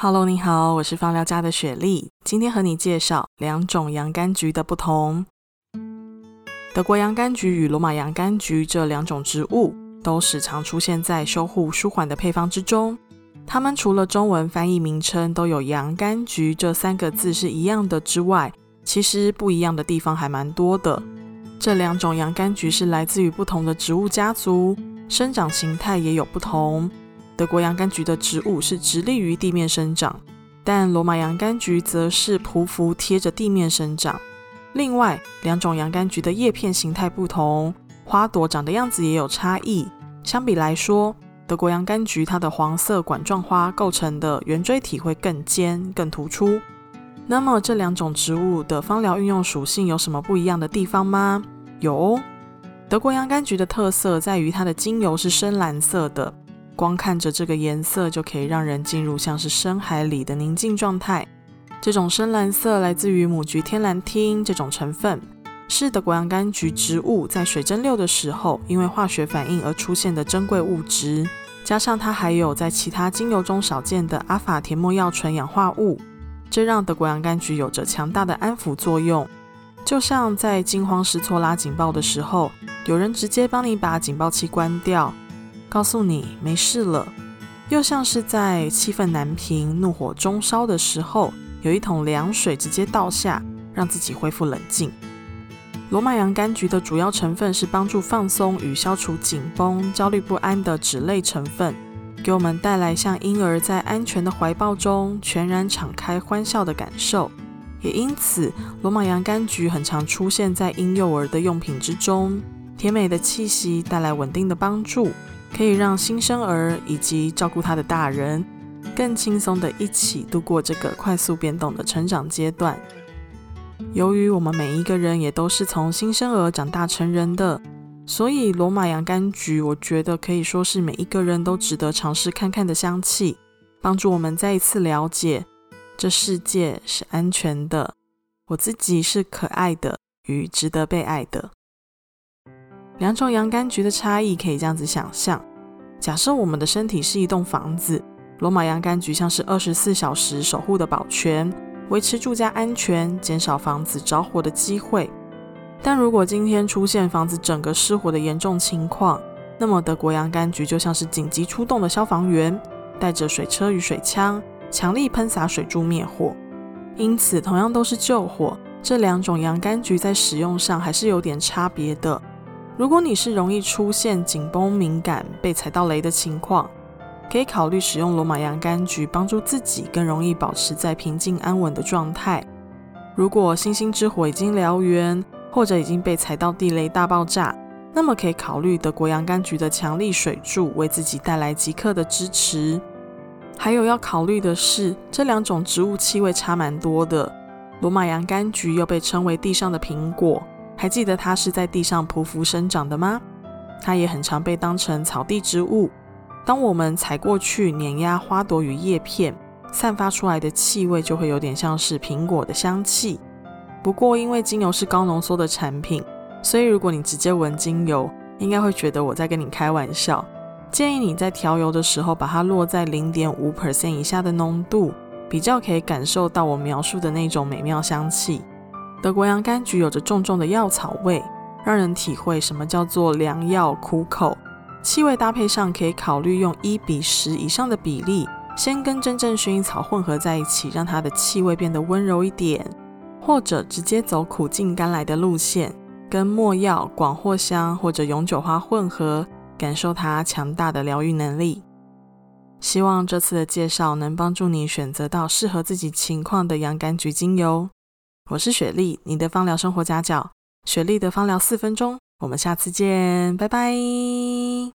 Hello，你好，我是芳療家的雪莉。今天和你介紹兩種洋甘菊的不同。德國洋甘菊與羅馬洋甘菊這兩種植物都時常出現在修護舒緩的配方之中。它們除了中文翻譯名稱都有“洋甘菊”這三個字是一樣的之外，其實不一樣的地方還蠻多的。這兩種洋甘菊是來自於不同的植物家族，生長形態也有不同。德國洋甘菊的植物是直立於地面生長，但羅馬洋甘菊則是匍匐貼着地面生長。另外，兩種洋甘菊的葉片形態不同，花朵長的樣子也有差異。相比來說，德國洋甘菊它的黃色管狀花構成的圓錐體會更尖、更突出。那麼，這兩種植物的芳療運用屬性有什麼不一樣的地方嗎？有哦。德國洋甘菊的特色在於它的精油是深藍色的。光看着這個顏色就可以讓人進入像是深海裡的寧靜狀態。這種深藍色來自於母菊天藍烴這種成分，是德國洋甘菊植,植物在水蒸餾的時候因為化學反應而出現的珍貴物質。加上它還有在其他精油中少見的阿法甜沒藥醇氧化物，這讓德國洋甘菊有着強大的安撫作用，就像在驚慌失措拉警報的時候，有人直接幫你把警報器關掉。告訴你沒事了，又像是在氣憤難平、怒火中燒的時候，有一桶涼水直接倒下，讓自己恢復冷靜。羅馬洋甘菊的主要成分是幫助放鬆與消除緊繃、焦慮不安的酯類成分，給我們帶來像嬰兒在安全的懷抱中全然敞開歡笑的感受。也因此，羅馬洋甘菊很常出現在嬰幼兒的用品之中，甜美的氣息帶來穩定的幫助。可以讓新生兒以及照顧他的大人更輕鬆地一起度過這個快速變動的成長階段。由於我們每一個人也都是從新生兒長大成人的，所以羅馬洋甘菊，我覺得可以說是每一個人都值得嘗試看看的香氣，幫助我們再一次了解這世界是安全的，我自己是可愛的與值得被愛的。兩種洋甘菊的差異可以這樣子想象：假設我們的身體是一棟房子，羅馬洋甘菊像是二十四小時守護的保全，維持住家安全，減少房子着火的機會。但如果今天出現房子整個失火的嚴重情況，那麼德國洋甘菊就像是緊急出動的消防員，帶着水車與水槍，強力噴灑水柱滅火。因此，同樣都是救火，這兩種洋甘菊在使用上還是有點差別的。如果你是容易出現緊繃、敏感、被踩到雷的情況，可以考慮使用羅馬洋甘菊，幫助自己更容易保持在平靜、安穩的狀態。如果星星之火已經燎原，或者已經被踩到地雷大爆炸，那麼可以考慮德國洋甘菊的強力水柱，為自己帶來即刻的支持。還有要考慮的是，這兩種植物氣味差蠻多的，羅馬洋甘菊又被稱為地上的蘋果。還記得它是在地上匍匐生長的嗎？它也很常被當成草地植物。當我們踩過去碾壓花朵與葉片，散發出來的氣味就會有點像是蘋果的香氣。不過因為精油是高濃縮的產品，所以如果你直接聞精油，應該會覺得我在跟你開玩笑。建議你在調油的時候把它落在零點五 percent 以下的濃度，比較可以感受到我描述的那種美妙香氣。德國洋甘菊有着重重的藥草味，讓人體會什麼叫做良藥苦口。氣味搭配上可以考慮用一比十以上的比例，先跟真正薰衣草混合在一起，讓它的氣味變得溫柔一點；或者直接走苦盡甘來的路線，跟沒藥、廣藿香或者永久花混合，感受它強大的療癒能力。希望這次的介紹能幫助你選擇到適合自己情況的洋甘菊精油。我是雪莉，你的芳療生活家教。雪莉的芳療四分鐘，我們下次見，拜拜。